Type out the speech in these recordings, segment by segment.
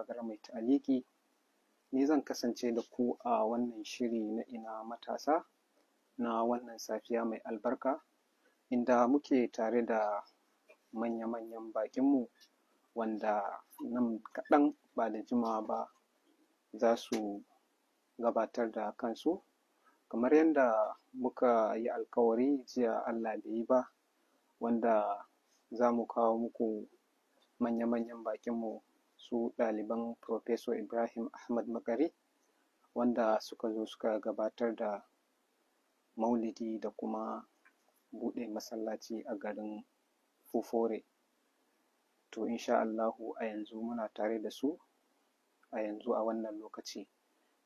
Gagara mai ta'aliki ni zan kasance da ku a wannan shiri na ina matasa na wannan safiya mai albarka inda muke tare da manya-manyan bakinmu wanda nan kaɗan ba da jimawa ba za su gabatar da kansu kamar yadda muka yi alkawari jiya Allah bai yi ba wanda za mu kawo muku manya-manyan bakinmu su ɗaliban Professor Ibrahim Ahmad Makari wanda suka zo suka gabatar da maulidi da kuma buɗe masallaci a garin Fufore. To insha Allahu a yanzu muna tare da su a yanzu a wannan lokaci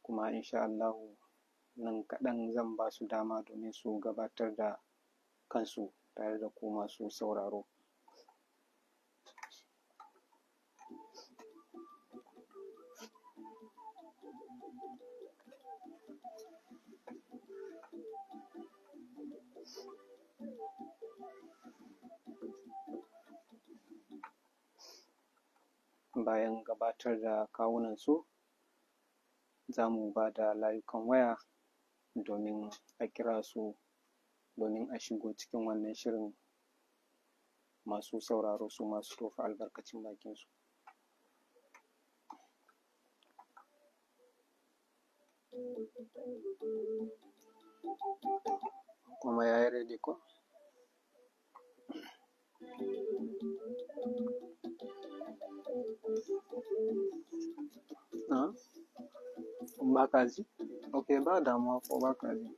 kuma insha Allahu nan kaɗan zan ba su dama domin su gabatar da kansu tare da ku masu sauraro. bayan gabatar da kawunansu za mu ba da layukan waya domin a kira su domin a shigo cikin wannan shirin masu sauraro su masu tofa albarkacin bakinsu Thank you. kuma ya yi ready ko ba ka ji ok ba damuwa ko ba ka ji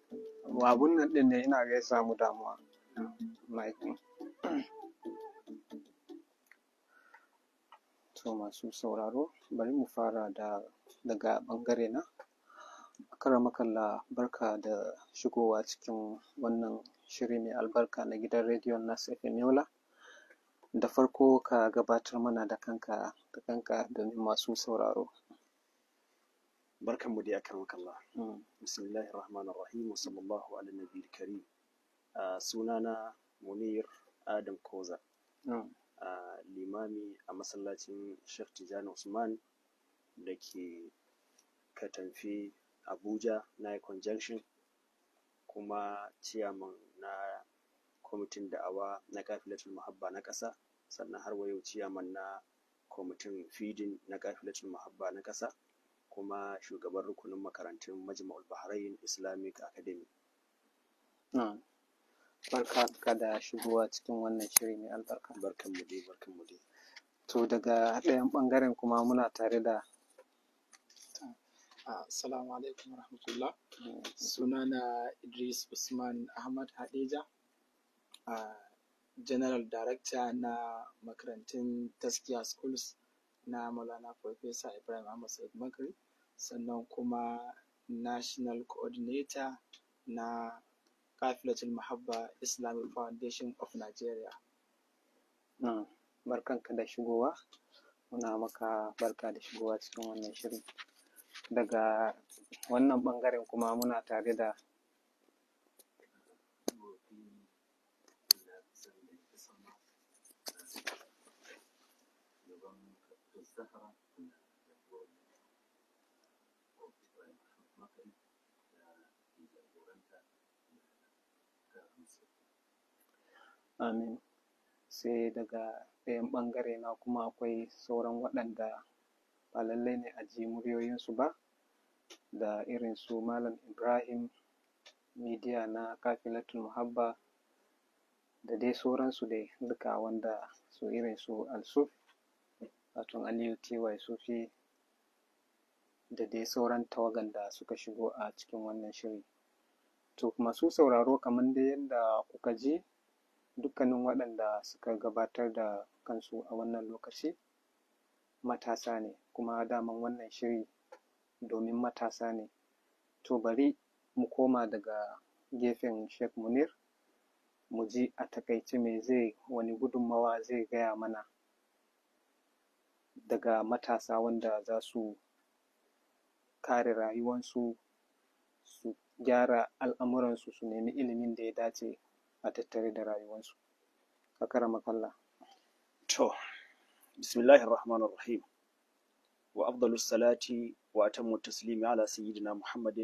abun nan ɗin ne ina ga samu damuwa maikin to masu sauraro bari mu fara daga ɓangare na Akaramakallah barka da shigowa cikin wannan shiri mai albarka na gidan rediyon Nas FM Da farko ka gabatar mana da kanka da kanka domin masu sauraro. Barkanmu dai akaramakallah. Mm. Bismillahir Rahmanir Rahim sallallahu ala sunana Munir Adam Koza. Mm. limami a masallacin Sheikh Tijjani Usman da ke Katamfe abuja na yi conjunction kuma chairman na kwamitin da'awa na kafilatul muhabba na ƙasa sannan har wa yau ciyaman na kwamitin feeding na kafilatul muhabba na ƙasa kuma shugaban rukunin makarantun majma'ul bahrain islamic academy barka da shigowa cikin wannan shiri mai albarka barkan mu dai barkan mu dai to daga ɗayan ɓangaren kuma muna tare da Assalamu alaikum warahmatullah. Sunana Idris Usman Ahmad Hadija, General Director na makarantun Taskiya Schools na Maulana Professor Ibrahim Ahmad Said Makari, sannan kuma National Coordinator na Kafilatul Mahabba Islamic Foundation of Nigeria. Barkanka da shigowa, muna maka barka da shigowa cikin wannan shirin. daga wannan bangaren kuma muna tare da Amin. Sai daga ɗayan ɓangare na kuma akwai sauran waɗanda ba lallai ne a ji muryoyinsu ba da irin su malam ibrahim midiya na kafilatul muhabba da dai sauransu dai duka wanda su irin su alsuf wato aliyu ty sufi da dai sauran tawagan da suka shigo a cikin wannan shiri to masu sauraro kamar dai yadda kuka ji dukkanin waɗanda suka gabatar da kansu a wannan lokaci matasa ne kuma daman wannan shiri domin matasa ne to bari mu koma daga gefen Sheikh Munir mu ji a takaice me zai wani gudunmawa zai gaya mana daga matasa wanda za su kare rayuwansu su gyara al'amuransu su nemi ilimin da ya dace a tattare da rayuwansu a makalla to بسم الله الرحمن الرحيم وأفضل الصلاة وأتم التسليم على سيدنا محمد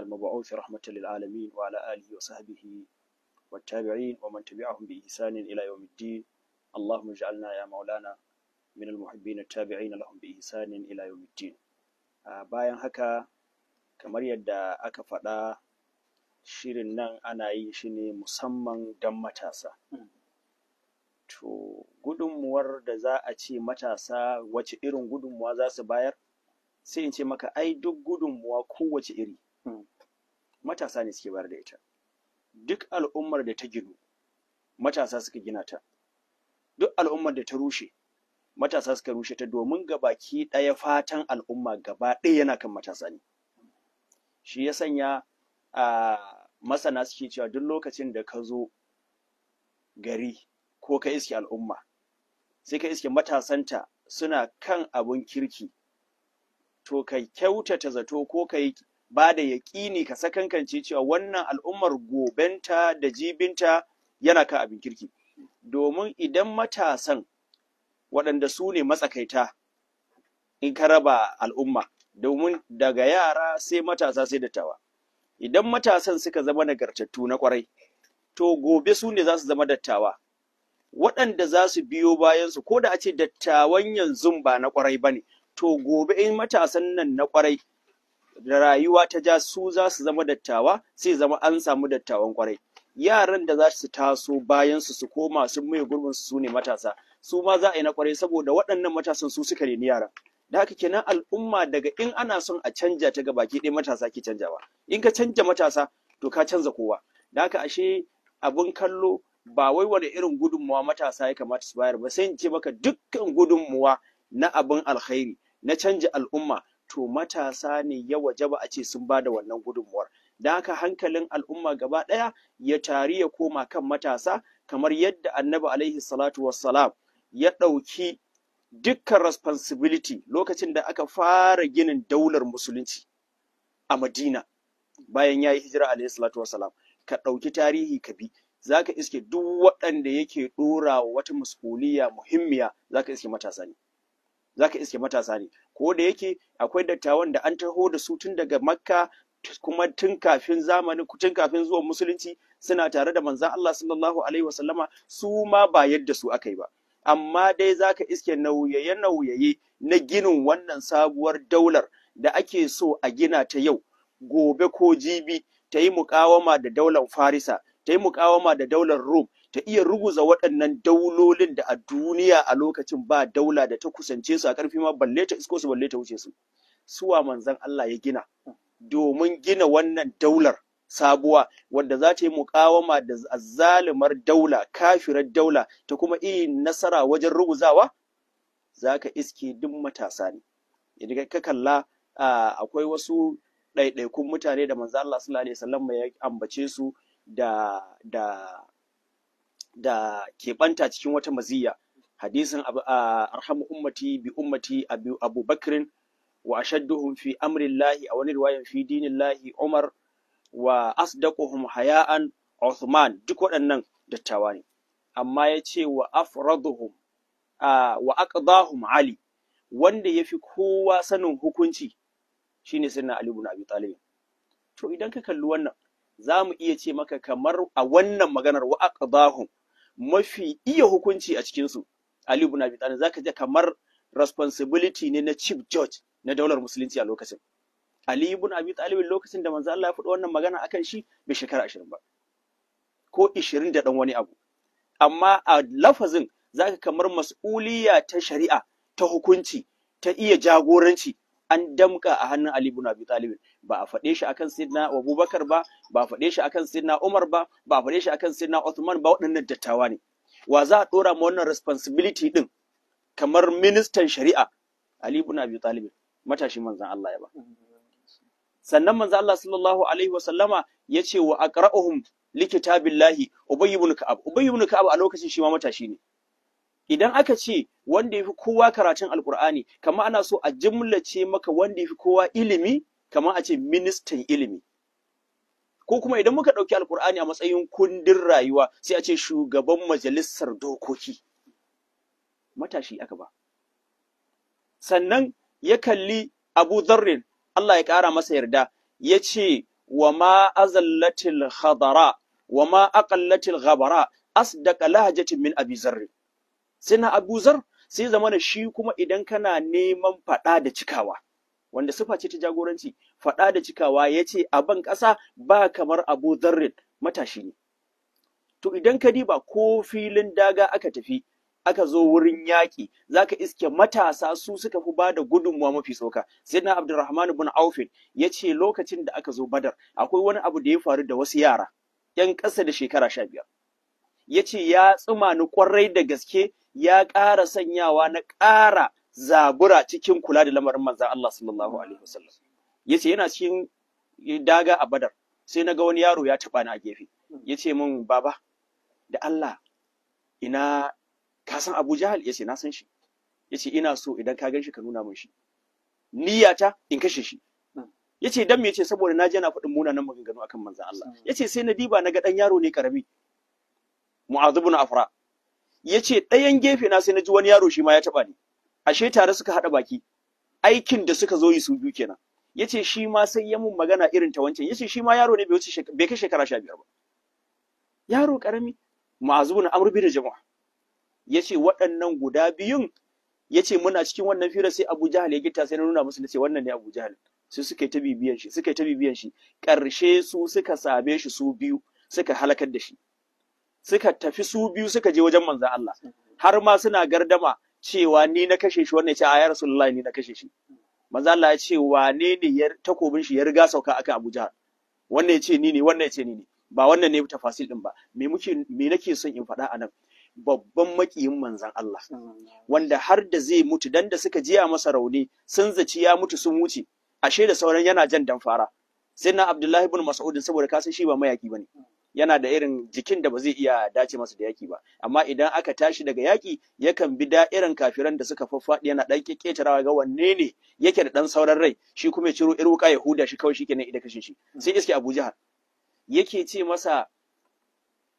المبعوث رحمة للعالمين وعلى آله وصحبه والتابعين ومن تبعهم بإحسان إلى يوم الدين اللهم اجعلنا يا مولانا من المحبين التابعين لهم بإحسان إلى يوم الدين bayan haka kamar yadda aka faɗa shirin nan ana yi shi ne musamman don matasa mm. To gudunmuwar da za a ce matasa wace irin gudunmuwa za su bayar? Sai in ce maka ai duk gudunmuwa kowace iri. Hmm, matasa ne suke bayar da ita. Duk al'ummar da ta gino, matasa suka gina ta. Duk al'ummar da ta rushe, matasa suka rushe ta domin ga baki ɗaya fatan al'umma gaba ɗaya yana kan matasa ne. Shi ya sanya a ah, masana suke cewa duk lokacin da ka zo gari ko ka iske al'umma sai ka iske matasanta suna kan abun kirki to ka kyautata zato ko ka yi ba da yaƙini ka sakankance cewa wannan al'ummar gobenta da jibinta yana kan abin kirki domin idan matasan waɗanda su ne matsakaita in ka raba al'umma domin daga yara sai matasa sai dattawa idan matasan suka zama nagartattu na kwarai to gobe su ne za su zama dattawa waɗanda za su biyo bayansu ko da a ce dattawan yanzu ba na ƙwarai ba ne to gobe in matasan nan na kwarai da rayuwa ta ja su za su zama dattawa sai zama an samu dattawan kwarai. yaran da za su taso bayansu su koma sun mai gurbin su su ne matasa su ma za a yi na kwarai saboda waɗannan matasan su suka reni yaran da haka kenan al'umma daga in ana son a canja ta gabaki ɗaya matasa ke canjawa in ka canja matasa to ka canza kowa da haka ashe abun kallo ba wai wani irin gudunmuwa matasa ya kamata su bayar ba sai in ce maka dukkan gudunmuwa na abin alkhairi na canja al'umma to matasa ne ya waje ba a ce sun ba da wannan gudunmuwar da haka hankalin al'umma gaba ɗaya ya tari ya koma kan matasa kamar yadda annabi alaihi salatu wassalam ya ɗauki dukkan responsibility lokacin da aka fara ginin daular musulunci a madina bayan ya yi hijira alaihi salatu wassalam ka ɗauki tarihi ka bi za ka iske duk waɗanda yake ɗora wa wata mas'uliya muhimmiya za ka iske matasa ne za ka iske matasa ne ko da yake akwai dattawan da an taho da su tun daga makka kuma tun kafin zamani tun kafin zuwan musulunci suna tare da manzan Allah sallallahu alaihi wasallama su ma ba yadda su aka yi ba amma dai za ka iske nauyaye-nauyaye na ginin wannan sabuwar daular da ake so a gina ta yau gobe ko jibi ta yi mukawama da daular farisa ta mukawama da daular Rome ta iya ruguza waɗannan daulolin da a duniya a lokacin ba daula da ta kusance su a ƙarfi ma balle ta isko su balle ta wuce su suwa manzon Allah ya gina domin gina wannan daular sabuwa wadda za ta yi mukawama da azzalumar daula kafirar daula ta kuma iya nasara wajen ruguzawa za ka iske duk matasa ne idan ka kalla akwai wasu ɗaiɗaikun mutane da manzo Allah sallallahu alaihi wasallam ya ambace su da da da keɓanta cikin wata maziya hadisin arhamu ummati bi ummati abu bakrin wa ashadduhum fi amrillahi a wani riwayan fi dinillahi umar wa asdaquhum haya'an Uthman duk waɗannan dattawa ne amma ya ce wa afraduhum wa aqdahum ali wanda ya fi kowa sanin hukunci shine sayyidina ali ibn abi talib to idan ka kalli wannan za mu iya ce maka kamar a wannan maganar wa mafi iya hukunci a cikin su Ali ibn Abi Talib zaka je kamar responsibility ne na chief judge na daular musulunci a lokacin Ali ibn Abi Talib lokacin da manzo Allah ya faɗi wannan magana akan shi bai shekara 20 ba ko 20 da dan wani abu amma a lafazin zaka kamar mas'uliya ta shari'a ta hukunci ta iya jagoranci an damka a hannun Ali ibn Abi Talib ba a faɗe shi akan Sayyidina Abubakar ba ba a faɗe shi akan Sayyidina Umar ba ba a faɗe shi akan Sayyidina Uthman ba waɗannan dattawa ne wa za a dora ma wannan responsibility din kamar ministan shari'a Ali ibn Abi Talib matashi manzon Allah ya ba sannan manzon Allah sallallahu alaihi wa sallama yace wa aqra'uhum likitabillahi Ubay ibn Ka'ab Ubay ibn Ka'ab a lokacin shi ma matashi ne idan aka ce wanda yafi kowa karatun alkur'ani kamar ana so a jimlace maka wanda yafi kowa ilimi kamar a ce ministan ilimi ko kuma idan muka ɗauki alkur'ani a matsayin kundin rayuwa sai a ce shugaban majalisar dokoki matashi aka ba sannan ya kalli abu zarrin Allah ya ƙara masa yarda ya ce wa ma azallatil khadara wa ma aqallatil ghabara asdaqa lahajatin min abi zarrin sai na abuzar sai zama da shi kuma idan kana neman faɗa da cikawa wanda sufa ce ta jagoranci faɗa da cikawa ya ce a ban ƙasa ba kamar abu zarrin matashi ne to idan ka diba ko filin daga aka tafi aka zo wurin yaƙi za ka iske matasa su suka fi ba da gudunmuwa mafi tsoka na abdurrahman ibn Aufin ya ce lokacin da aka zo badar akwai wani abu da ya faru da wasu yara yan ƙasa da shekara sha biyar ya ce ya tsuma ni kwarai da gaske ya ƙara sanyawa na ƙara zabura cikin kula da lamarin manzan Allah sallallahu alaihi wasallam ce yana cikin daga a badar sai na ga wani yaro ya taɓa ni a gefe ce min baba da Allah ina ka san Abu Jahal ce na san shi Ya ce ina so idan ka gan shi ka nuna min shi niyyata in kashe shi Ya yace dan me yace saboda na je na faɗin munanan maganganu akan manzan Allah Ya ce sai na diba na ga dan yaro ne karami Mu'adh na Afra ya ce ɗayan gefe na sai na ji wani yaro shi ma ya taɓa ni ashe tare suka haɗa baki aikin da suka zo yi su biyu kenan ya ce shi ma sai ya mun magana irin ta wancan ya ce shi ma yaro ne bai kai shekara sha biyar ba yaro ƙarami ma'azu na amurbi da jama'a ya ce waɗannan guda biyun ya ce muna cikin wannan fira sai abu jahal ya gita sai na nuna musu na ce wannan ne abu jahal sai suka yi ta bibiyan shi suka yi ta bibiyan shi ƙarshe su suka same shi su biyu suka halakar da shi suka tafi su biyu suka je wajen manzan Allah har ma suna gardama cewa ni na kashe shi wannan ya ce a ya rasulullahi ni na kashe shi manzan Allah ya ce wane ne takobin shi ya riga sauka aka Abuja wannan ya ce ni ne wannan ya ce ni ne ba wannan ne tafasil din ba me muke me nake son in faɗa anan babban makiyin manzan Allah wanda har da zai mutu dan da suka jiya masa rauni sun zaci ya mutu sun wuce ashe da sauran yana jan damfara sai na Abdullahi ibn Mas'ud saboda kasan shi ba mayaki bane yana da irin jikin da ba zai iya dace masa da yaki ba amma idan aka tashi daga yaki yakan bi da irin kafiran da suka faffaɗi yana dan keketarawa ga wanne ne yake da ɗan sauran rai shi kuma ya ciro irwuka ya huda shi kawai ne ida kashin shi sai iske Abu Jahal yake ce masa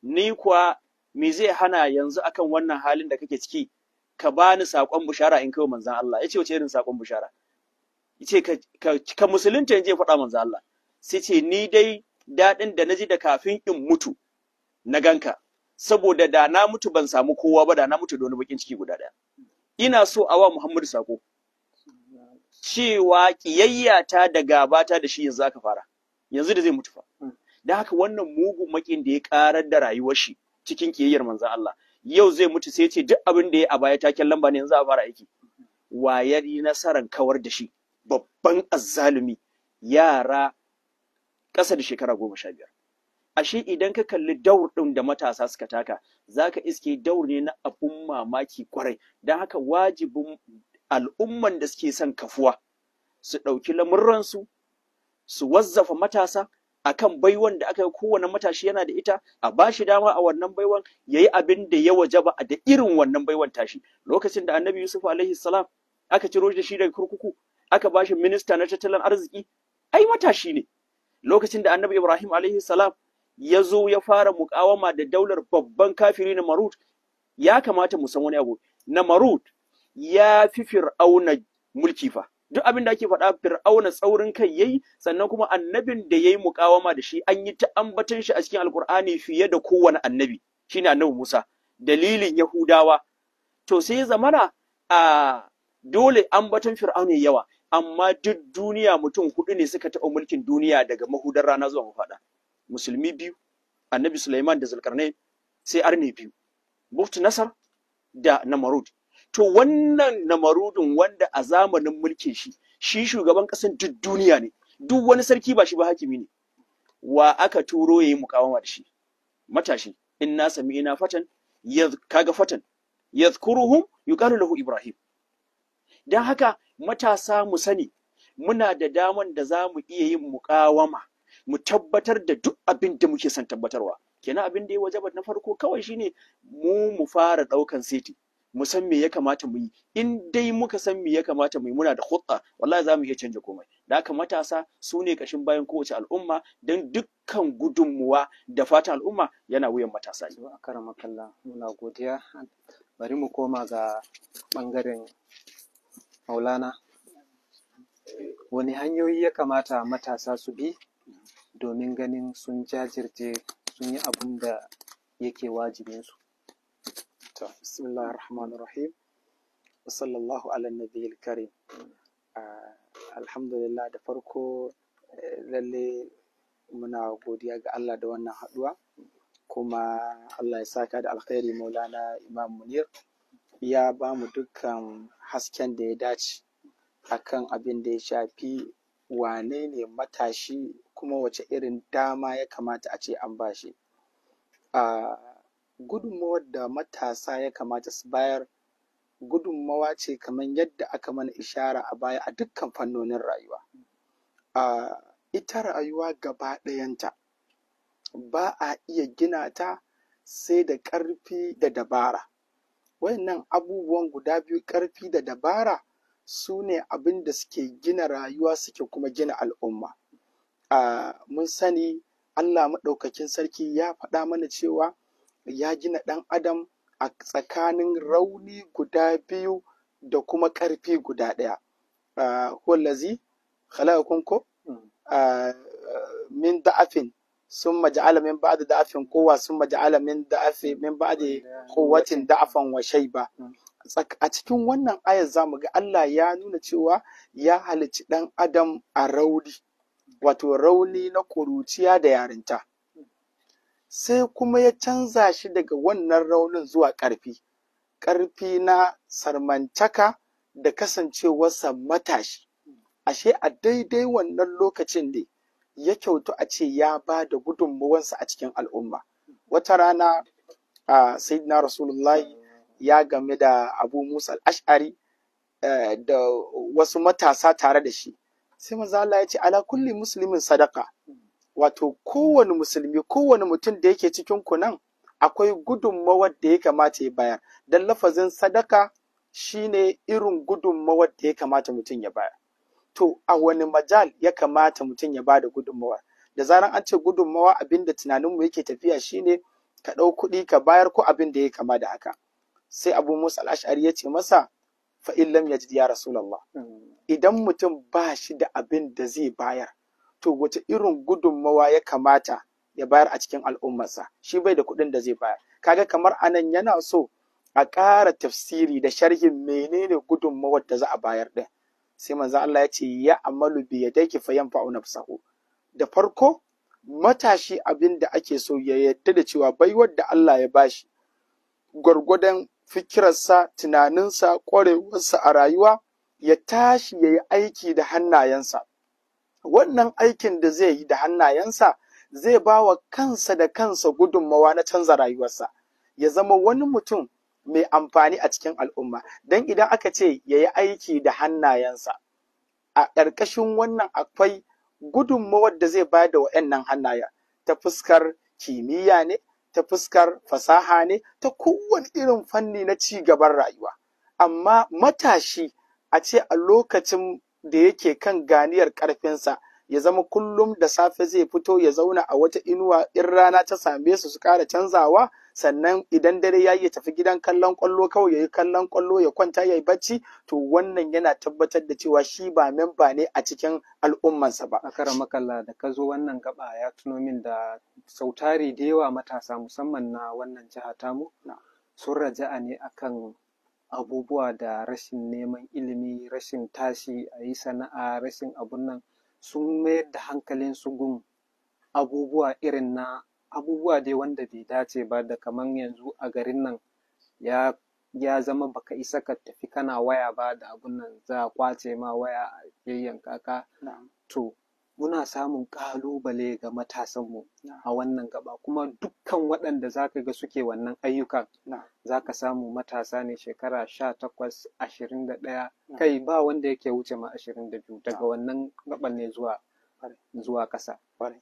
ni kuwa me zai hana yanzu akan wannan halin da kake ciki ka bani sakon bushara in kai manzon Allah yace wace irin sakon bushara yace ka ka musulunta yanzu ya faɗa manzon Allah sai ce ni dai daɗin da na ji da kafin in mutu na ganka saboda da na mutu ban samu kowa ba da na mutu da wani bakin ciki guda ɗaya ina so a wa Muhammadu sako cewa ƙiyayyata da gabata da shi yanzu aka fara yanzu da zai mutu fa da haka wannan mugun makin da ya ƙarar da rayuwar shi cikin ƙiyayyar manzan Allah yau zai mutu sai ce duk abin da ya a baya taken lamba ne yanzu a fara aiki wayar yi nasarar kawar da shi babban azzalumi yara ƙasa da shekara goma sha biyar ashe idan ka kalli daur ɗin da matasa suka taka za ka iske daur ne na abun mamaki kwarai don haka wajibin al'umman da suke son kafuwa su ɗauki lamurransu su wazzafa matasa akan baiwan da aka yi kowane matashi yana da ita a ba shi dama a wannan baiwan ya yi abin da ya wajaba da irin wannan baiwan tashi lokacin da annabi yusuf alaihi salam aka ciro shi daga kurkuku aka ba shi minista na tattalin arziki ai matashi ne lokacin da annabi Ibrahim alaihi salam ya zo ya fara mukawama da daular babban kafiri na Marut ya kamata mu san wani abu na Marut ya fi Fir'auna mulki fa duk abin da ake faɗa Fir'auna tsaurin kai yayi sannan kuma annabin da yayi mukawama da shi an yi ta ambatan shi a cikin Alkur'ani fiye da kowane annabi shine annabi Musa dalilin Yahudawa to sai zamana a dole ambaton Fir'auna yawa amma duk duniya mutum hudu ne suka taɓa mulkin duniya daga mahudar rana zuwa mafaɗa musulmi biyu annabi Suleiman da zulkarne sai arne biyu Buft Nasar da Namarud to wannan Namarudin wanda a zamanin mulkin shi shi shugaban ƙasar duk duniya ne duk wani sarki ba shi ba hakimi ne wa aka turo yayi mukawama da shi matashi In na sami ina fatan kaga fatan yadhkuruhum yuqalu lahu Ibrahim dan haka matasa mu sani muna da daman da za mu iya yin muƙawama mu tabbatar da duk abin da muke son tabbatarwa kenan abin da ya wajaba na farko kawai shine mu mu fara ɗaukan seti mu san me ya kamata mu yi in dai muka san me ya kamata mu yi muna da hutsa wallahi za mu iya canja komai da haka matasa su ne kashin bayan kowace al'umma don dukkan gudunmuwa da fatan al'umma yana wuyan matasa ne. Akara makalla muna godiya bari mu koma ga bangaren Maulana, wani hanyoyi ya kamata matasa su bi domin ganin sun jajirce sun yi abin da yake wajibinsu? Bismillah ar-Rahman rahim sallallahu ala nabiyil karim. Alhamdulillah da farko eh, lalle muna godiya ga Allah da wannan haɗuwa kuma Allah ya saka da alkhairi maulana Imam Munir. ya ba mu dukkan hasken da ya dace akan abin da ya shafi wane ne matashi kuma wace irin dama ya kamata a ce an ba shi a gudunmawar da matasa ya kamata su bayar gudunmawa ce kamar yadda aka mana ishara a baya a dukkan fannonin rayuwa a ita rayuwa gaba ɗayanta ba a iya gina ta sai da ƙarfi da dabara Wayannan abubuwan guda biyu ƙarfi da dabara su ne abin da suke gina rayuwa suke kuma gina al'umma. mun sani Allah maɗaukakin sarki ya faɗa mana cewa ya gina ɗan adam a tsakanin rauni guda biyu da kuma ƙarfi guda ɗaya. Huwallazi khalaqakum ko hmm. min da'afin sun alamin ba da da'afin kowa sun maji alamin da'afi min da kowatin da'afan wa shaiba a cikin wannan ayar mu ga Allah ya nuna cewa ya halicci dan adam a rauni wato rauni na kuruciya da yarinta sai kuma ya canza shi daga wannan raunin zuwa ƙarfi ƙarfi na sarmantaka da kasancewarsa matashi ashe a daidai wannan lokacin ne ya kyautu a ce ya ba da gudunmuwansa a cikin al'umma wata rana a sayyidina rasulullahi ya game da abu musa al'ash'ari eh, da wasu matasa tare da shi sai mazala Allah ya ce ala kulli musulmin sadaka wato kowane musulmi kowane mutum da yake cikin ku nan akwai gudunmawar da ya kamata ya bayar don lafazin sadaka shine irin gudunmawar da ya kamata mutum ya bayar to a wani majal ya kamata mutum ya ba da gudunmawa da zaran an ce gudunmawa abin da tunaninmu yake tafiya shine ka ɗau kuɗi ka bayar ko abin da ya kama da haka sai abu musa al'ashari ya ce masa fa lam ji ya rasulallah mm. idan mutum ba shi da abin da zai bayar to wace irin gudunmawa ya kamata ya bayar a cikin al'ummarsa shi bai da kuɗin da zai bayar kaga kamar anan yana so a ƙara tafsiri da sharhin menene gudunmawar da za a bayar ɗin sai manzo Allah ya ce ya amalu bi yadayki fa yanfa'u nafsahu da farko matashi abin da ake so ya yadda da cewa bai wadda Allah ya bashi gwargwadon fikirarsa tunaninsa ƙwarewarsa a rayuwa ya tashi ya yi aiki da hannayensa wannan aikin da zai yi da hannayensa zai ba wa kansa da kansa gudunmawa na canza rayuwarsa ya zama wani mutum mai amfani a cikin al'umma don idan aka ce ya yi aiki da hannayensa a ƙarƙashin wannan akwai gudunmawar da zai bayar da waɗannan hannaya, ta fuskar kimiyya ne ta fuskar fasaha ne ta kowane irin fanni na ci gaban rayuwa amma matashi a ce a lokacin da yake kan ganiyar ƙarfinsa ya zama kullum da safe zai fito ya zauna a wata inuwa in rana ta same su su ƙara canzawa sannan idan dare ya ya tafi gidan kallon kwallo kawai ya yi kallon kwallo ya kwanta ya yi bacci to wannan yana tabbatar da cewa shi ba memba ne a cikin al'ummansa ba. A karan makalla da ka zo wannan gaba ya tuno min da sautari da yawa matasa musamman na wannan jiha tamu sun raja'a ne akan abubuwa da rashin neman ilimi rashin tashi a yi sana'a rashin abun nan sun mayar da hankalin su gun abubuwa irin na abubuwa dai wanda bai dace ba da kamar yanzu a garin nan ya ya zama baka isa ka tafi kana waya ba da abun nan za a kwace ma waya a yayyan kaka to muna samun kalubale ga matasanmu a wannan gaba kuma dukkan waɗanda za ka ga suke wannan ayyukan za ka samu matasa ne shekara sha takwas ashirin da ɗaya kai ba wanda yake wuce ma ashirin da biyu daga wannan gaban ne zuwa zuwa ƙasa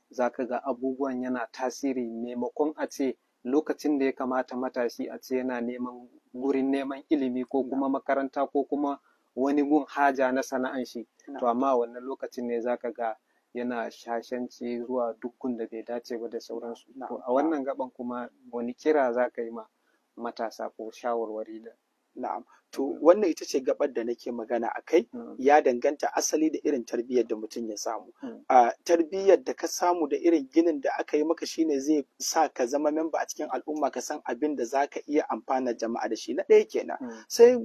za ka ga abubuwan yana tasiri maimakon a ce lokacin da ya kamata matashi a ce yana neman gurin neman ilimi ko kuma makaranta ko kuma wani gun haja na sana'an shi to amma wannan lokacin ne za ka ga yana shashanci zuwa dukkan da bai dace ba da sauransu to a wannan gaban kuma wani kira za ka yi ma matasa ko shawarwari da Na'am. To wannan ita ce gabar da nake magana a kai hmm. ya danganta asali da irin tarbiyyar da mutum ya samu. Hmm. A tarbiyyar da ka samu da irin ginin da aka yi maka shine zai sa ka zama memba a cikin al'umma ka san abin da za ka iya amfana jama'a da shi na ɗaya kenan. Hmm. Sai eh,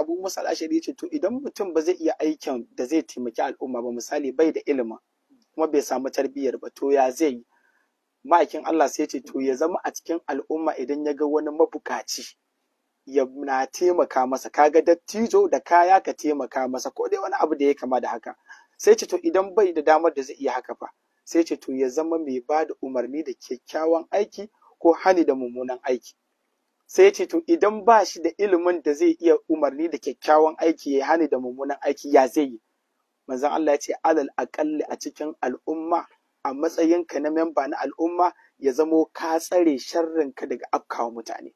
Abu Musa Al'ashari ce to idan mutum ba zai iya aikin da zai taimaki al'umma ba misali bai da ilimin kuma bai samu tarbiyyar ba to ya zai yi. Ma'aikin Allah sai ce to ya zama a cikin al'umma idan ya ga wani mabukaci. ya na taimaka masa ka ga dattijo da kaya ka taimaka masa ko dai wani abu da ya kama da haka sai ce to idan bai da damar da zai iya haka fa sai ce to ya zama mai ba da umarni da kyakkyawan aiki ko hani da mummunan aiki sai ce to idan ba shi da ilimin da zai iya umarni da kyakkyawan aiki ya hani da mummunan aiki ya zai yi manzon Allah ya ce alal aƙalli a cikin al'umma a matsayinka na memba na al'umma ya zamo ka tsare sharrinka daga afkawa mutane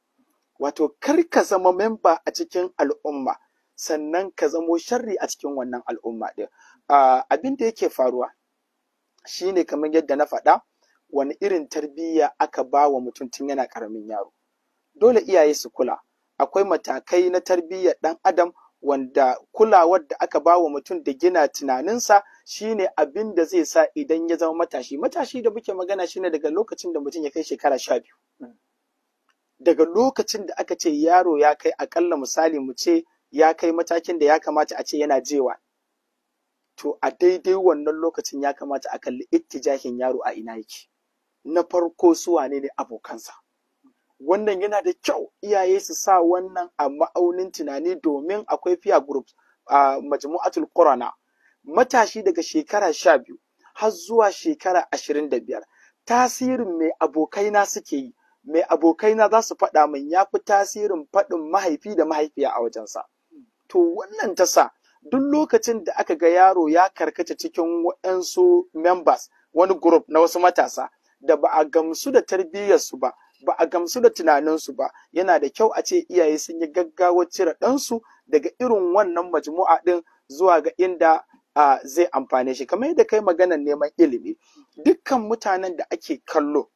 wato kar ka zama memba a cikin al'umma sannan ka zamo sharri a cikin wannan al'umma ɗin ah, abin da yake faruwa shine kamar yadda na faɗa wani irin tarbiyya aka ba wa mutum tun yana ƙaramin yaro dole iyaye su kula akwai matakai na tarbiyya ɗan adam wanda kulawar da aka ba wa mutum da gina tunaninsa shine abin da zai sa idan ya zama matashi matashi da muke magana shine daga lokacin da mutum ya kai shekara sha biyu daga lokacin da aka ce yaro ya kai akalla misali mu ce ya kai matakin da ya kamata a ce yana jewa to a daidai wannan lokacin ya kamata a kalli ittijahin yaro a ina yake na farko su wane ne abokansa wannan yana da kyau iyaye su sa wannan a ma'aunin tunani domin akwai fiya group a majmu'atul qurana matashi daga shekara sha biyu har zuwa shekara ashirin da biyar tasirin mai abokaina suke yi mai abokaina za su faɗa min ya fi tasirin faɗin mahaifi da mahaifiya a wajensa. To wannan ta sa duk lokacin da aka ga yaro ya karkata cikin waɗansu members wani group na wasu matasa da ba a gamsu da tarbiyyarsu ba, ba a gamsu da tunaninsu ba, yana da kyau a ce iyaye sun yi gaggawar cire ɗansu daga irin wannan majmu'a ɗin zuwa ga inda a zai amfane shi. Kamar yadda kai maganar neman ilimi, dukkan mutanen da ake kallo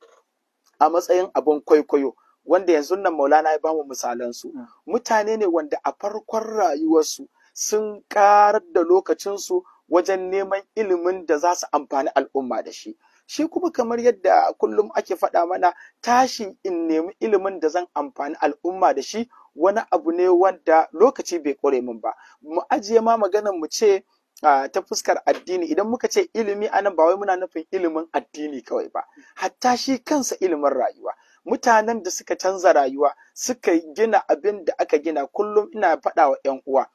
a matsayin abin kwaikwayo wanda yanzu nan maulana ya bamu misalansu mm. mutane ne wanda a farkon rayuwarsu sun karar da lokacinsu wajen neman ilimin da za su amfani al'umma da shi shi kuma kamar yadda kullum ake faɗa mana tashi in nemi ilimin da zan amfani al'umma da shi wani abu ne wanda lokaci bai ƙware min ba mu ajiye ma maganar mu ce ta fuskar addini idan muka ce ilimi anan ba wai muna nufin ilimin addini kawai ba hatta shi kansa ilimin rayuwa mutanen da suka canza rayuwa suka gina abin da aka gina kullum ina faɗa wa 'yan uwa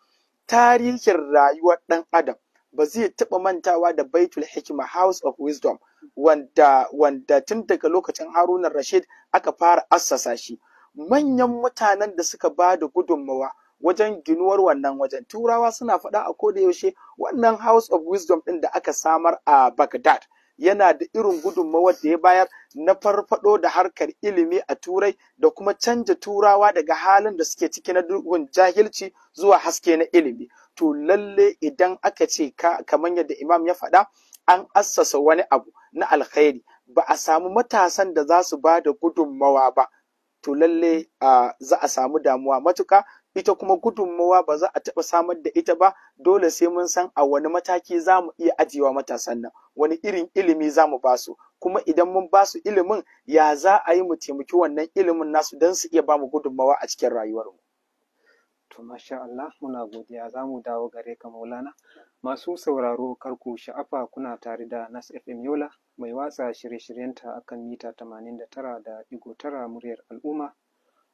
tarihin rayuwar ɗan adam ba zai taɓa mantawa da baitul hikima house of wisdom wanda wanda tun daga lokacin harunan rashid aka fara assasa shi manyan mutanen da suka ba da gudunmawa wajen ginuwar wannan wajen turawa suna faɗa a koda yaushe wannan house of wisdom ɗin da aka samar a baghdad yana da irin gudunmawar da ya bayar na farfaɗo da harkar ilimi a turai da kuma canja turawa daga halin da suke ciki na dugun jahilci zuwa haske na ilimi to lalle idan aka ce kamar yadda imam ya faɗa an assasa wani abu na alkhairi ba a samu matasan da za su ba da gudunmawa ba to lalle za a samu damuwa matuka ita kuma gudunmawa ba za a taɓa samar da ita ba dole sai mun san a wani mataki za mu iya ajiyewa matasan nan wani irin ilimi za mu basu kuma idan mun basu ilimin ya za a yi mu taimaki wannan ilimin nasu don su iya ba mu gudunmawa a cikin rayuwar mu? To masha Allah muna godiya za mu dawo gare ka Maulana. Masu sauraro karku sha'afa kuna tare da Nas FM Yola mai watsa shirye-shiryenta akan mita da 89.9 muryar al'umma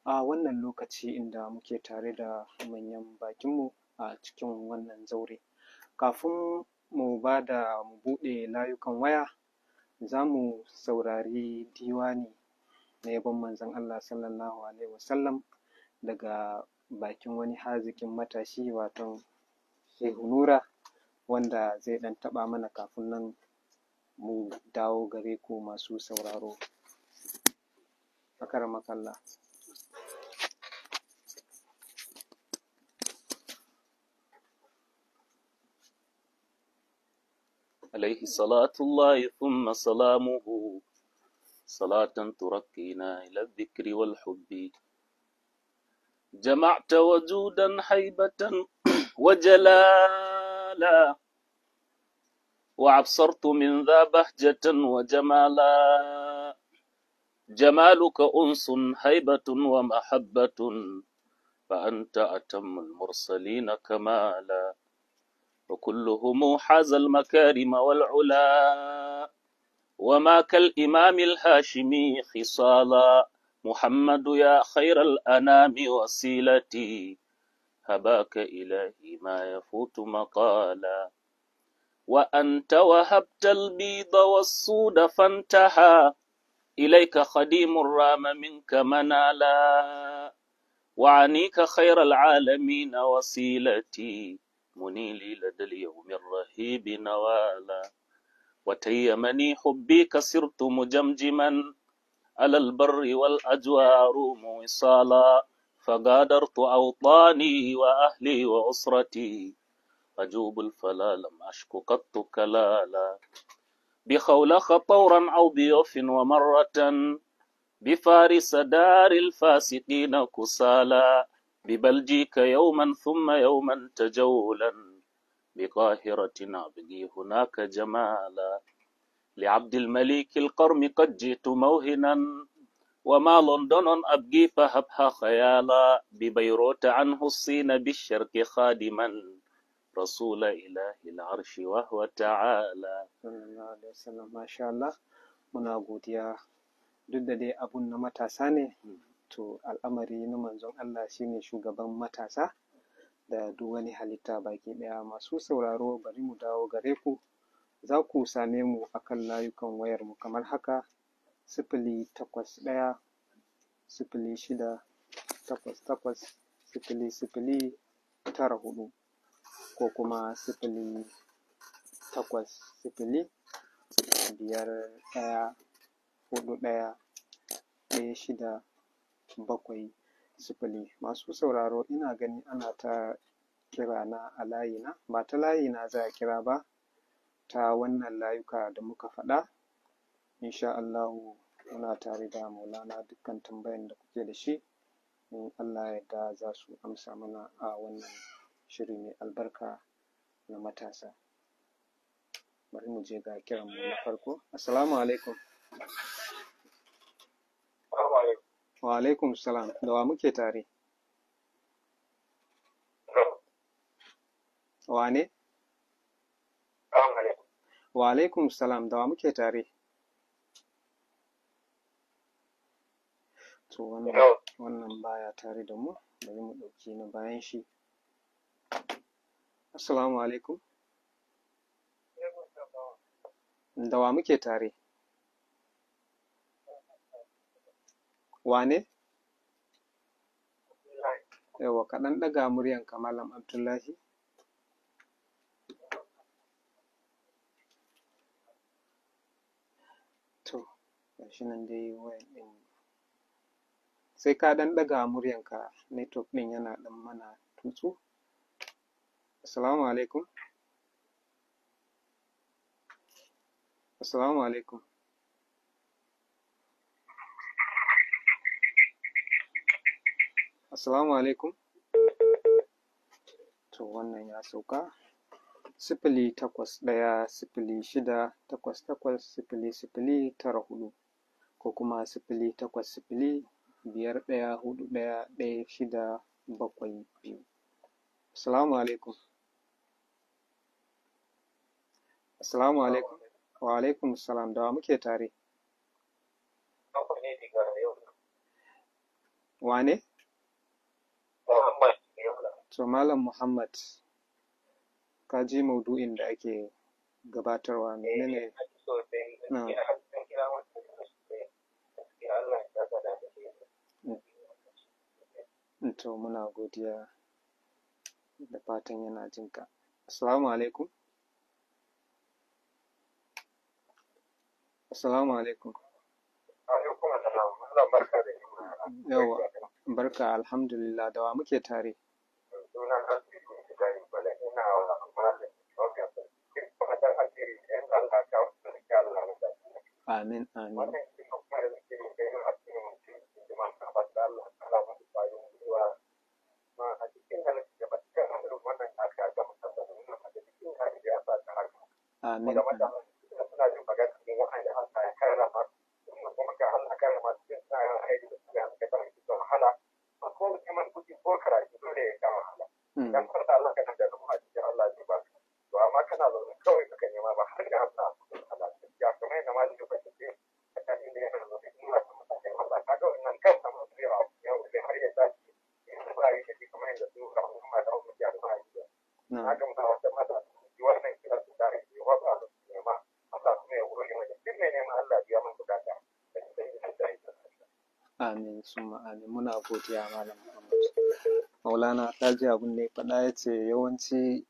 a wannan lokaci inda muke tare da manyan bakinmu a cikin wannan zaure. Kafin mu ba da mu buɗe layukan waya za mu saurari diwani na yabon manzon Allah sallallahu alaihi wasallam daga bakin wani hazikin matashi waton Shehu Nura wanda zai ɗan taɓa mana kafin nan mu dawo gare ku masu sauraro fakar makalla عليه صلاة الله ثم سلامه صلاة ترقينا إلى الذكر والحب جمعت وجودا هيبة وجلالا وأبصرت من ذا بهجة وجمالا جمالك أنس هيبة ومحبة فأنت أتم المرسلين كمالا وكلهم حاز المكارم والعلا وما كالإمام الهاشمي خصالا محمد يا خير الأنام وسيلتي هباك إلهي ما يفوت مقالا وأنت وهبت البيض والصود فانتهى إليك خديم الرام منك منالا وعنيك خير العالمين وصيلتي منيلي لدى اليوم الرهيب نوالا وتيمني حبيك صرت مجمجما على البر والأجوار وصالا فغادرت أوطاني وأهلي وأسرتي أجوب الفلا لم أشك قط كلالا بخولخ طورا أو بيوف ومرة بفارس دار الفاسقين كسالا ببلجيك يوما ثم يوما تجولا بقاهرة عبدي هناك جمالا لعبد الملك القرم قد جئت موهنا وما لندن أبقي فهبها خيالا ببيروت عنه الصين بالشرق خادما رسول إله العرش وهو تعالى صلى muna godiya duk da dai abun na matasa ne hmm. to al'amari na manzon Allah shine shugaban matasa da duk wani halitta baki ɗaya masu sauraro bari mu dawo gare ku za ku same mu akan layukan wayarmu kamar haka sifili takwas ɗaya sifili shida takwas takwas sifili sifili tara hudu ko kuma sifili takwas sifili biyar ɗaya hudu ɗaya ɗaya shida bakwai sifili masu sauraro ina gani ana ta kira na a layina ba ta layina za a kira ba ta wannan layuka da muka faɗa insha Allahu muna tare da maulana dukkan tambayan da kuke da shi in Allah ya yarda za su amsa mana a wannan shiri mai albarka na matasa bari mu je ga kiran mu na farko assalamu alaikum wa alaikum salam da wa muke tare ne? wa alaikum salam da wa muke tare to wannan baya tare da mu bari mu ɗauki na bayan shi Assalamu alaikum. Da wa muke tare? Wane? Yawa kaɗan ɗaga muryan Malam Abdullahi. To, shi nan dai wayan ɗin. Sai ka ɗan ɗaga muryanka network ɗin yana ɗan mana tutsu. Assalamu alaikum. Assalamu alaikum. Assalamu alaikum. To wannan ya sauka. Sifili takwas ɗaya sifili shida takwas takwas sifili sifili tara hudu ko kuma sifili takwas sifili biyar ɗaya hudu ɗaya ɗaya shida bakwai biyu. Assalamu alaikum. Assalamu alaikum. Wa alaikum salam da muke tare. Wane? To Malam Muhammad, ka ji maudu'in da ake gabatarwa ne eh, ne. Na. Mm. Mm, to muna godiya da fatan yana jinka. Assalamu alaikum. السلام عليكم عليكم السلام اهلا بركه يوا بركة الحمد لله دوامك يا تاري آمين آمين آمين آمين godiya malam Muhammad. Maulana ɗaji abin da ya faɗa ya ce yawanci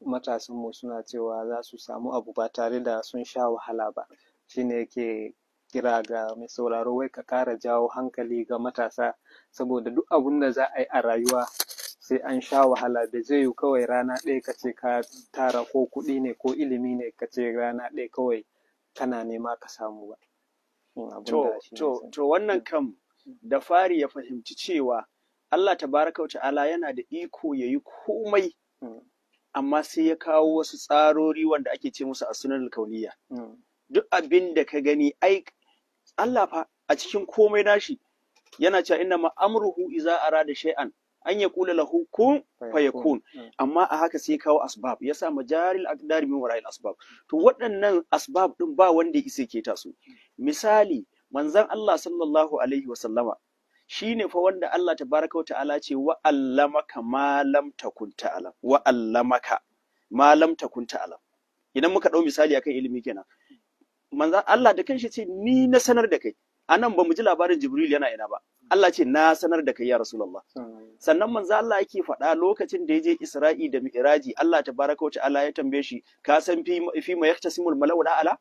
matasanmu suna cewa za su samu abu ba tare da sun sha wahala ba. shine yake kira ga mai sauraro wai ka ƙara jawo hankali ga matasa saboda duk abun da za a yi a rayuwa sai an sha wahala da zai yi kawai rana ɗaya ka ce ka tara ko kuɗi ne ko ilimi ne ka ce rana ɗaya kawai kana nema ka samu ba. To, to, to wannan hmm. kam da fari ya fahimci cewa Allah tabaraka wa ta'ala yana da iko ya yi komai hmm. amma sai ya kawo wasu tsarori wanda ake ce musu a sunan kauniya hmm. duk abin da ka gani ai Allah fa a cikin komai nashi yana cewa inna ma'amruhu iza da shay'an an ya kula lahu kun fayakun hmm. amma a haka sai kawo asbab ya sa majaril aqdar min wara'il asbab to waɗannan asbab ɗin ba wanda isa ke tasu misali manzan Allah sallallahu alaihi wasallama ne fa wanda Allah tabaraka ta'ala ce wa'allamaka malam ma takun ta'lam wa’allamaka takun idan muka ɗau misali akan ilimi kenan manzan Allah da kanshi ce ni na sanar da kai anan ba mu ji labarin Jibril yana ina ba Allah ce na sanar da kai ya Rasulullah sannan manzo Allah yake faɗa lokacin da ya je Isra'i da Mi'raji Allah baraka wa ta'ala ya tambaye shi ka san fi fi ma yaktasimul mala'u ala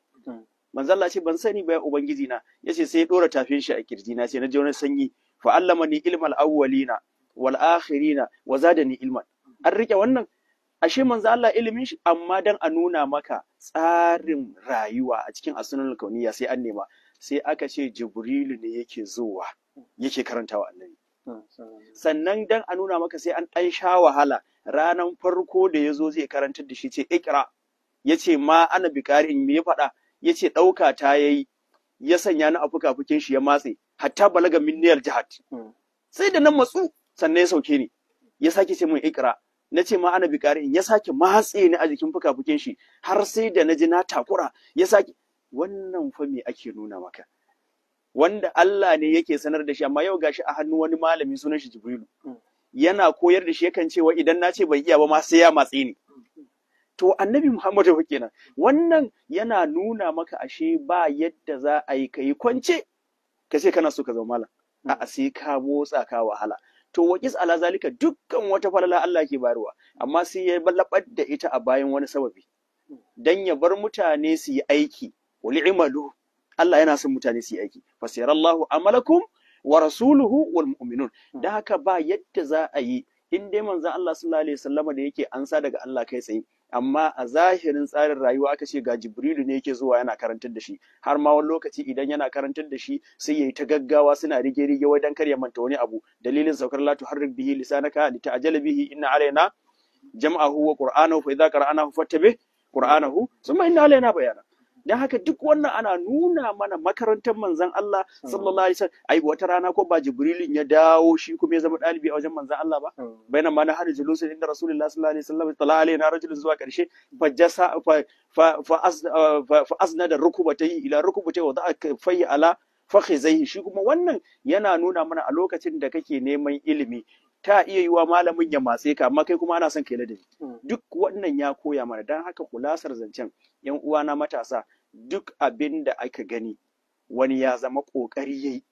manzo Allah ce ban sani ba ya ubangiji na yace sai ya dora tafin shi a kirji na sai na ji wani sanyi fa allamani ilmal awwalina wal akhirina wa zadani ilman an rike wannan ashe manzo Allah ilimin shi amma dan a nuna maka tsarin rayuwa a cikin asunan kauniya sai an nema sai aka ce jibrilu ne yake zowa yake karantawa annabi sannan dan a nuna maka sai an ɗan sha wahala ranan farko da ya zo zai karantar da shi ce ikra ya ce ma ana bikarin me ya faɗa ya ce ɗauka ta ya yi ya sanya ni a fukafukin shi ya matse hatta balaga minniyar jihad hmm. sai da nan matsu sannan ya sauke ni ya sake ce min ikra na ce ma ana bikari ya sake matse ni a jikin fuka fukafukin shi har sai da na ji na takura ya sake wannan fa me ake nuna maka wanda Allah ne yake sanar da shi amma yau gashi a hannu wani malami sunan shi Jibrilu hmm. yana koyar da shi yakan cewa idan na ce ban iya ba ma sai ya matse ni To annabi Muhammadu kenan wannan yana nuna maka ashe ba yadda za a yi ka yi kwance ka ce kana so ka zama malam hmm. a'a sai ka motsa ka wahala to waƙis ala zalika dukkan wata falala Allah ke bayarwa amma sai ya labar da ita a bayan wani sababi hmm. dan ya bar mutane su yi aiki wal imalu Allah yana son mutane su yi aiki fasirallahu amalakum wa rasuluhu wal mu'minun hmm. da haka ba yadda za a yi in dai manzon Allah sallallahu alaihi wasallama da yake ansa daga Allah kai tsaye amma a zahirin tsarin rayuwa aka ce ga jibrilu ne yake zuwa yana karantar da shi har ma wani lokaci idan yana karantar da shi sai yayi ta gaggawa suna rige rige wai dan kar ya manta wani abu dalilin saukar la tuharrik bihi lisanaka lita'jala bihi inna alaina jam'ahu wa qur'anahu fa idza qara'nahu fattabi qur'anahu thumma inna alaina bayana don haka duk wannan ana nuna mana makarantar manzan Allah hmm. sallallahu alaihi wasallam ai wata rana ko ba jibrilin ya dawo shi kuma ya zama dalibi a wajen manzan Allah ba hmm. bayan ma na hada julusin inda rasulullahi sallallahu alaihi wasallam tala alai na rajulun zuwa karshe fajjasa fa fa uh, da rukubatai ila rukubatai wa da'a fayya ala fakhizai shi kuma wannan yana nuna mana a lokacin da kake neman ilimi ta iya yiwa malamin ya matse ka amma kai kuma ana son kai ladabi hmm. duk wannan ya koya mana dan haka kulasar zancen yan uwana matasa duk abin da aka gani wani ya zama ƙoƙari yayi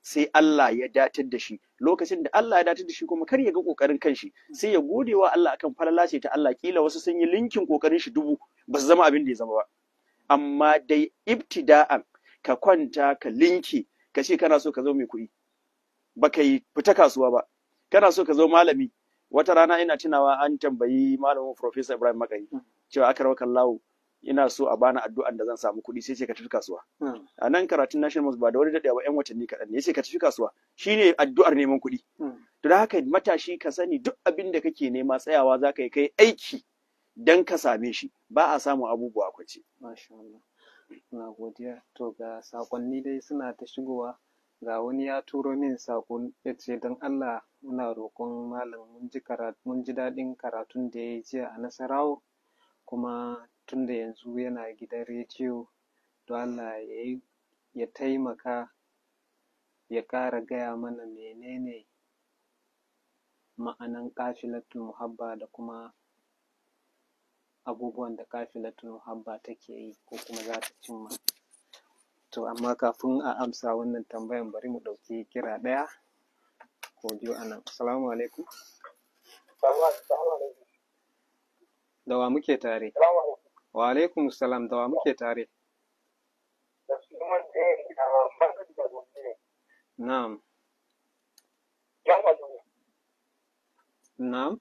sai Allah ya datar da shi lokacin da Allah ya datar da shi kuma kar ya ga kokarin kanshi sai ya gode wa Allah akan falala ce ta Allah kila wasu sun yi linkin kokarin shi dubu ba su zama abin da ya zama ba amma dai ibtida'an ka kwanta ka linki ka ce kana so ka zo mai kuɗi baka yi fita kasuwa ba kana so ka zo malami wata rana ina tunawa an tambayi malamin Professor Ibrahim Makari hmm. cewa akarwa kallawo ina so a bani addu'an da zan samu kuɗi sai ce ka tafi kasuwa hmm. a nan karatun national ba da wani daɗewa ba yan watanni kaɗan ne sai ka tafi kasuwa shine addu'ar neman kuɗi hmm. to da haka matashi ka sani duk abin da kake nema tsayawa za ka yi kai aiki dan ka same shi ba a samu abubuwa kwace masha Allah na godiya to ga sakonni dai suna ta shigowa ga wani ya turo min sako ya ce don Allah muna roƙon malam mun ji daɗin karatun da ya yi jiya a Nasarawa kuma tunda yanzu yana gidan rediyo don Allah ya taimaka ya ƙara gaya mana menene ma'anan ƙafilatul muhabba da kuma abubuwan da ƙafilatul muhabba take yi ko kuma za ta cimma to amma kafin a amsa wannan tambayan bari mu ɗauki kira ɗaya ko biyu a nan assalamu alaikum da muke tare Wa alaikum salam da wa muke tare. Na'am. Na'am.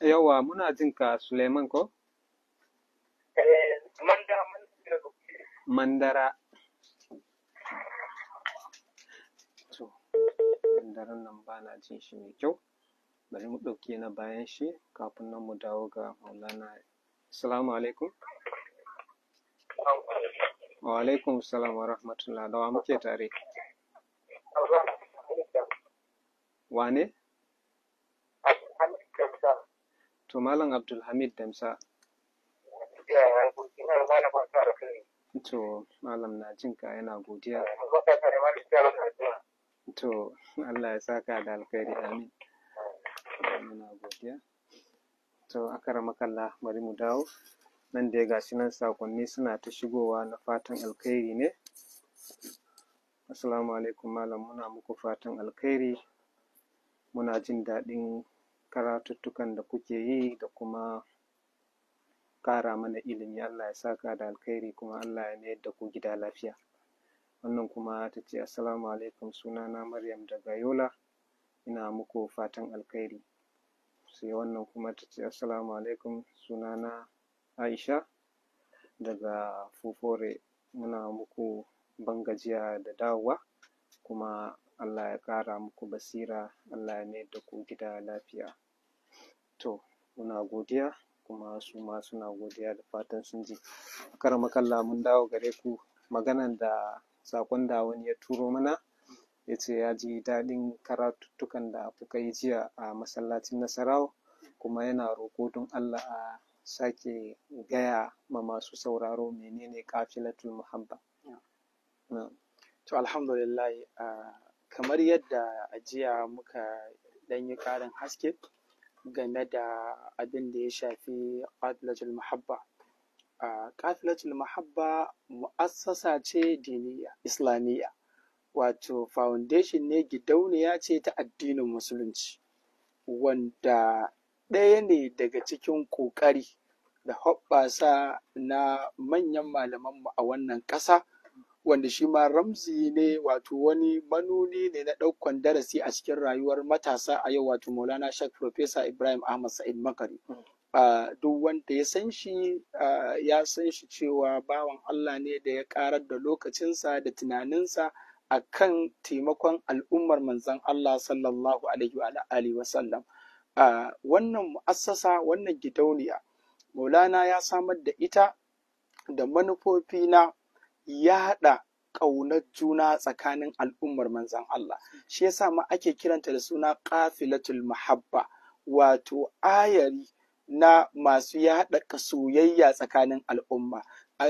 Yawa muna jin ka Suleiman ko? Mandara. Mandaran nan ba na jin shi mai kyau. bari mu ɗauki na bayan shi kafin nan mu dawo ga maulana assalamu alaikum wa alaikum salam wa rahmatullah da wa muke tare wane to malam abdulhamid damsa to malam na ka yana godiya to allah ya saka da alkhairi amin muna godiya to akaramakalla bari mu dawo nan dai gashi nan sakonni suna ta shigowa na fatan alkhairi ne assalamu alaikum malam muna muku fatan alkhairi muna jin daɗin karatuttukan da kuke yi da kuma ƙara mana ilimi allah ya saka da alkhairi kuma allah ya mayar da ku gida lafiya wannan kuma ta ce assalamu alaikum sunana maryam daga yola ina muku fatan alkhairi sai wannan kuma ta ce assalamu alaikum sunana aisha daga fufore muna muku ban gajiya da dawowa kuma allah ya kara muku basira allah ya da ku gida lafiya to muna godiya kuma su ma suna godiya da fatan sun ji kar makalla mun dawo gare ku maganan da sakon da wani ya turo mana ya ce ya ji daɗin karatuttukan da kuka yi jiya a masallacin nasarawa kuma yana roƙo don allah a sake gaya ma masu sauraro menene kafilatul muhabba to alhamdulillah kamar yadda a jiya muka dan yi ƙarin haske game da abin da ya shafi kafilatul muhabba kafilatul muhabba mu'assasa ce diniya islamiyya wato foundation ne gidauniya ce ta addinin musulunci wanda ɗaya ne daga cikin ƙoƙari da hoɓɓasa na manyan malamanmu a wannan ƙasa wanda shi ma ramzi ne wato wani manuni ne na ɗaukan darasi a cikin rayuwar matasa a yau wato maulana shak professor ibrahim ahmad sa'id makari duk wanda ya san shi ya san shi cewa bawan Allah ne da ya karar da lokacinsa da tunaninsa a kan taimakon al'ummar manzan Allah sallallahu alaihi wa alihi wa sallam wannan mu'assasa wannan gidauniya maulana ya samar da ita da manufofi na ya haɗa ƙaunar juna tsakanin al'ummar manzan Allah shi yasa ma ake kiranta da suna ƙafilatul mahabba wato ayari na masu yaɗa soyayya tsakanin al'umma A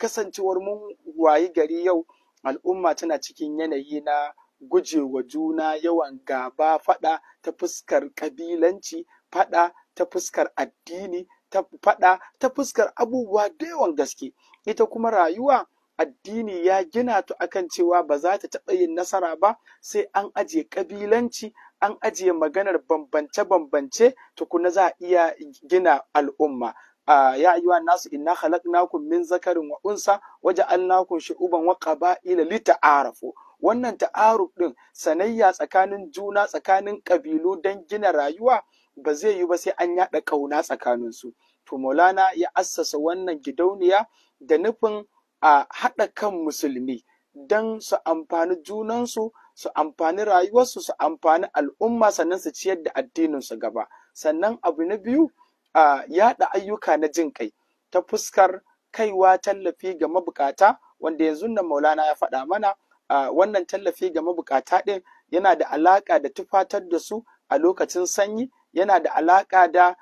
kasancewar mun wayi gari yau al'umma tana cikin yanayi na gujewa juna yawan gaba fada ta fuskar kabilanci fada ta fuskar addini ta fada ta fuskar abubuwa da yawan gaske ita kuma rayuwa addini ya gina ta akan cewa ba za ta taɓa yin nasara ba sai an ajiye kabilanci an ajiye maganar bambance-bambance tukuna za a iya gina al'umma ya ayyuhan nasu inna khalaqnakum min zakarin wa unsa waja'alnakum shu'uban wa qaba'ila lita'arafu wannan ta'aruf din sanayya tsakanin juna tsakanin kabilu dan gina rayuwa ba zai yi ba sai an yaɗa ƙauna tsakanin su to Maulana ya assasa wannan gidauniya da nufin a haɗa kan musulmi dan su amfani junansu su amfani rayuwarsu su amfani al'umma sannan su ciyar da addininsu gaba sannan abu na biyu a yada ayyuka na jin kai ta fuskar kaiwa tallafi ga mabukata wanda yanzu nan maulana ya faɗa mana a wannan tallafi ga mabukata ɗin yana da alaƙa da tufatar da su a lokacin sanyi yana da alaƙa da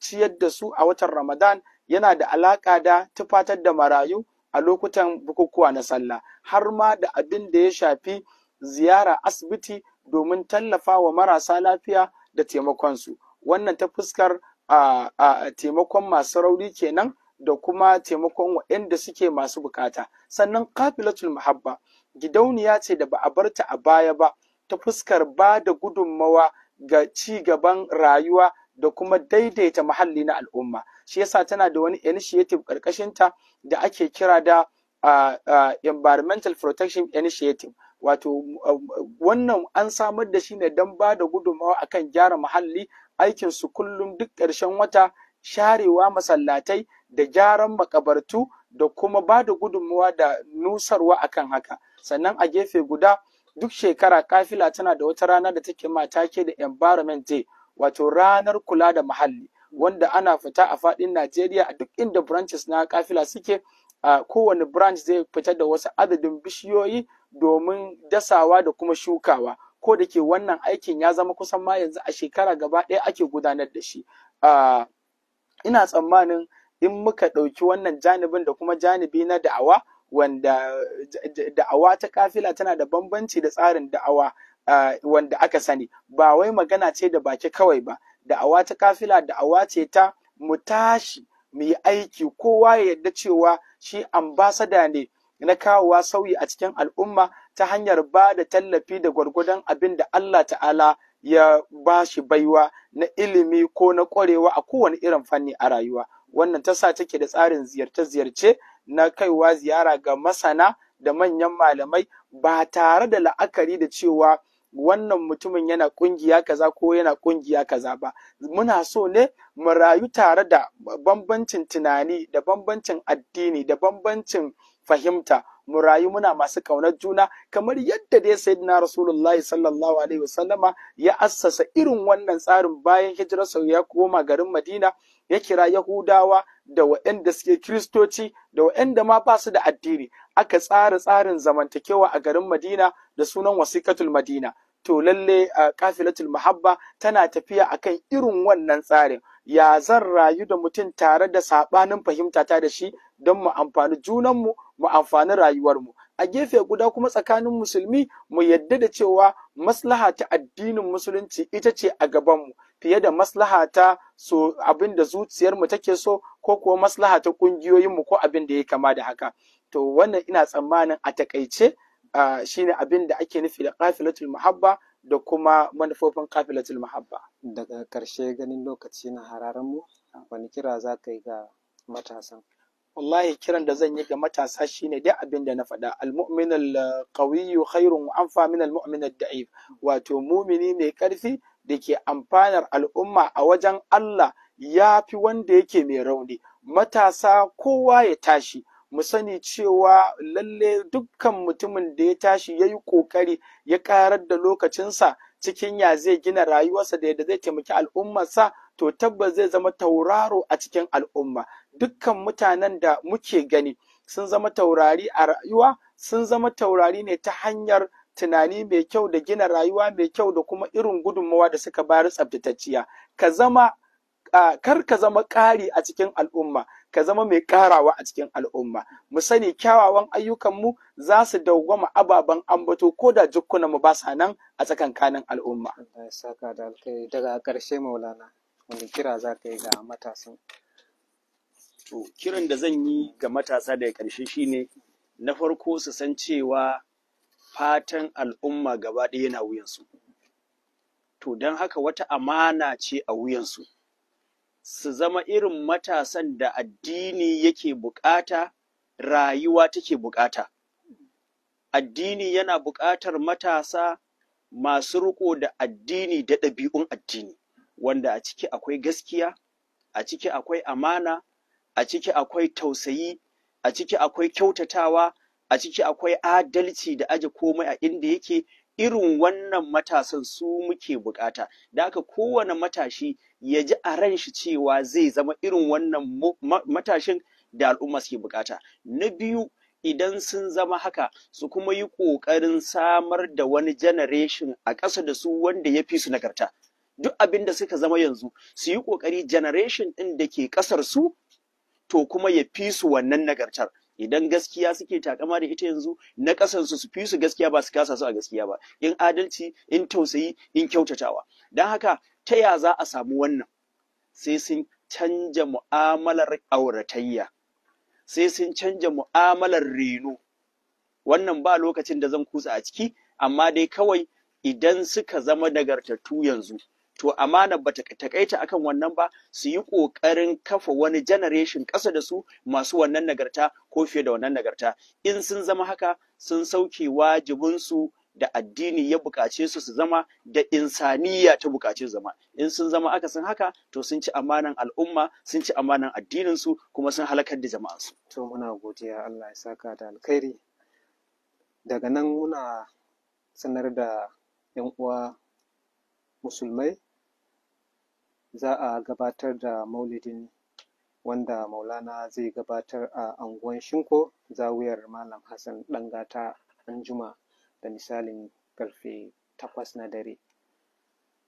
ciyar da su a watan ramadan yana da alaƙa da tufatar da marayu a lokutan bukukuwa na sallah har ma da abin da ya shafi ziyara asibiti domin tallafa wa marasa lafiya da taimakonsu wannan ta fuskar a, a taimakon masu rauni kenan da kuma taimakon waɗanda suke masu bukata sannan kafilatul muhabba gidauniya ce da ba a barta a baya ba ta fuskar ba da gudunmawa ga ci gaban rayuwa da kuma daidaita muhalli na al'umma shi yasa tana da wani initiative ƙarƙashinta da ake kira da environmental protection initiative wato um, wannan an samar da shi ne don ba da gudunmawa akan gyara muhalli aikinsu kullum duk ƙarshen wata sharewa masallatai da gyaran makabartu da kuma ba da gudunmuwa da nusarwa akan haka sannan a gefe guda duk shekara kafila tana da wata rana da take matake da environment day wato ranar kula da muhalli wanda ana fita a faɗin najeriya a duk inda branches na kafila suke a kowane branch zai fita da wasu adadin bishiyoyi domin dasawa da kuma shukawa ko da ke wannan aikin ya zama kusan ma yanzu a shekara gaba ɗaya ake gudanar da shi ina tsammanin in muka ɗauki wannan janibin da kuma janibi na da'awa wanda da'awa ta kafila tana da bambanci da tsarin da'awa wanda aka sani ba wai magana ce da baki kawai ba da'awa ta kafila da'awa ce ta mu tashi mu yi aiki kowa ya yarda cewa shi ambasada ne na kawowa sauyi a cikin al'umma ta hanyar ba da tallafi da gwargwadon abin da Allah ta'ala ya ba shi baiwa na ilimi ko na ƙwarewa a kowane irin fanni a rayuwa wannan ta sa take da tsarin ziyarce-ziyarce na kaiwa ziyara ga masana da manyan malamai ba tare da la'akari da cewa wannan mutumin yana ƙungiya kaza ko yana ƙungiya kaza ba muna so ne mu rayu tare da bambancin tunani da bambancin addini da bambancin fahimta mu rayu muna masu ƙaunar juna kamar yadda dai sayyidina rasulullahi sallallahu alaihi wasallama ya assasa irin wannan tsarin bayan hijirarsa ya koma garin madina ya kira yahudawa da waɗanda suke kiristoci da waɗanda ma ba su da addini aka tsara tsarin zamantakewa a garin madina da sunan wasiƙatul madina to lalle a kafilatul mahabba tana tafiya akan irin wannan tsarin ya zan rayu da mutum tare da saɓanin fahimta ta da shi don mu amfani junanmu mu amfani rayuwarmu a gefe guda kuma tsakanin musulmi mu yadda da cewa maslaha ta addinin musulunci ita ce a gabanmu fiye da maslaha ta so abin da zuciyarmu take so ko kuwa maslaha ta ƙungiyoyinmu ko abin da ya kama da haka to wannan ina tsammanin a takaice shine abin da ake nufi da qafilatul muhabba da kuma manufofin kafilatul mahabba. Daga ƙarshe ganin lokaci na hararen mu wani kira za ka yi ga matasan. Wallahi kiran da zan yi ga matasa shine dai abin da na faɗa al-mu'min al-qawiyyu khairun anfa min al daif wato mumini mai ƙarfi da ke amfanar al'umma a wajen Allah ya fi wanda yake mai rauni matasa kowa ya tashi mu sani cewa lalle dukkan mutumin da ya tashi ya yi ƙoƙari ya ƙarar da lokacinsa cikin ya zai gina rayuwarsa da yadda zai taimaki al'ummarsa to tabbas zai zama tauraro a cikin al'umma dukkan mutanen da muke gani sun zama taurari a rayuwa sun zama taurari ne ta hanyar tunani mai kyau da gina rayuwa mai kyau da kuma irin gudunmawa da suka bayar tsabtatacciya ka zama kar ka zama ƙari a cikin al'umma ka zama mai karawa a cikin al'umma mu sani kyawawan ayyukanmu za su dawwama ababen ambato ko da jukkunan mu ba sa nan a tsakankanin al'umma saka da alkai daga ƙarshe maulana wani kira za ka yi ga matasan to kiran da zan yi ga matasa daga ƙarshe shine na farko su san cewa fatan al'umma gaba ɗaya yana wuyansu to don haka wata amana ce a wuyansu su zama irin matasan da addini yake bukata rayuwa take bukata addini yana bukatar matasa masu riko da addini da ɗabi'un addini wanda a ciki akwai gaskiya a ciki akwai amana a ciki akwai tausayi a ciki akwai kyautatawa a ciki akwai adalci da aje komai a inda yake irin wannan matasan su muke bukata da haka kowane matashi ya ji a ran shi cewa zai zama irin wannan matashin da al'umma suke bukata na biyu idan sun zama haka su kuma yi ƙoƙarin samar da wani generation a ƙasa da su wanda ya fi su nagarta duk abin da suka zama yanzu su yi ƙoƙari generation ɗin da ke ƙasar su to kuma ya fi su wannan nagartar idan gaskiya suke takama da ita yanzu na ƙasar su su fi su gaskiya ba su kasa su a gaskiya ba in adalci in tausayi in kyautatawa don haka ta ya za a samu wannan sai sun canja mu'amalar auratayya sai sun canja mu'amalar reno wannan ba lokacin da zan kusa a ciki amma dai kawai idan suka zama nagartattu yanzu to amana bata ta takaita akan wannan ba su yi ƙoƙarin kafa wani generation ƙasa da su masu wannan nagarta ko fiye da wannan nagarta in sun zama haka sun sauke wajibinsu da addini ya buƙace su su zama da insaniya ta buƙace zama in sun zama aka sun haka to sun ci amanan al'umma sun ci amanan addinin su kuma sun halakar da su to muna godiya Allah ya saka da alkhairi daga nan muna sanar da yan uwa musulmai za a gabatar da maulidin wanda maulana zai gabatar a anguwan shinko zawiyar malam hassan dangata anjuma da misalin karfe takwas na dare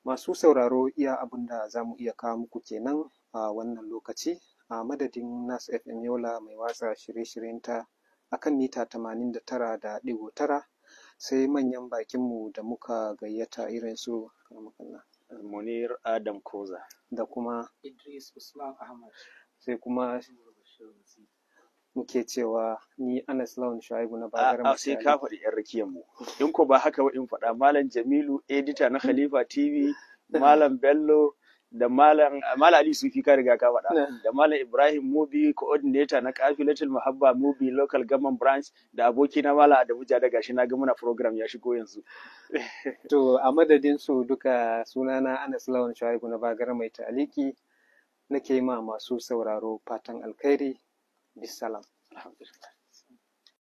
masu sauraro iya abin da za mu iya kawo muku kenan a wannan lokaci a madadin nas fm yola mai watsa shirye-shiryenta a kan mita 89.9 sai manyan bakinmu da muka gayyata irin su munir adam koza da kuma idris usman ahmad sai kuma muke cewa ni Anas Lawan Shuaibu na Bagar A sai ka faɗi yan rakiyar mu. In ko ba haka ba in faɗa Malam Jamilu edita na Khalifa TV, Malam Bello da Malam Ali Sufi ka riga ka faɗa da Malam Ibrahim Mubi coordinator na Kafilatul Muhabba Mubi local government branch da aboki na Malam Adamu Jada gashi na ga muna program ya shigo yanzu. To a madadin su duka sunana Anas Lawan Shuaibu na Bagar mai ta'aliki nake ma masu sauraro fatan alkhairi বিসালাম আলহামদুলিল্লাহ